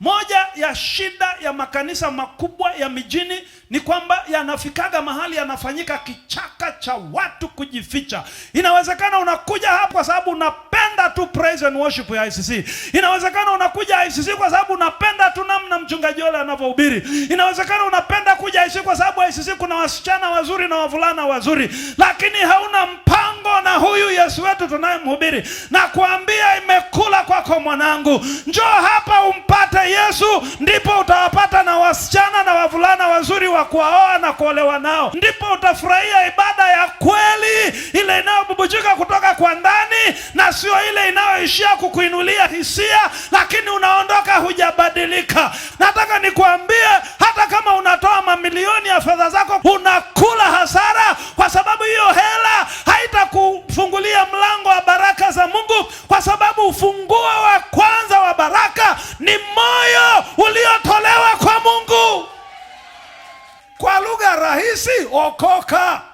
Moja ya shida ya makanisa makubwa ya mijini ni kwamba yanafikaga mahali yanafanyika kichaka cha watu kujificha. Inawezekana unakuja hapa kwa sababu unapenda tu praise and worship ya ICC. Inawezekana unakuja ICC kwa sababu unapenda tu namna mchungaji yule anavyohubiri. Inawezekana unapenda kuja ICC kwa sababu ICC kuna wasichana wazuri na wavulana wazuri, lakini hauna mpango na huyu Yesu wetu tunayemhubiri na kuambia imeku mwanangu, njoo hapa umpate Yesu, ndipo utawapata na wasichana na wavulana wazuri wa kuwaoa na kuolewa nao, ndipo utafurahia ibada ya kweli, ile inayobubujika kutoka kwa ndani na sio ile inayoishia kukuinulia hisia, lakini unaondoka hujabadilika. Nataka nikuambie, hata kama unatoa mamilioni ya fedha zako, unakula hasara, kwa sababu hiyo hela haitakufungulia mlango wa baraka za Mungu, kwa sababu ufungu uliotolewa kwa Mungu. Kwa lugha rahisi, okoka.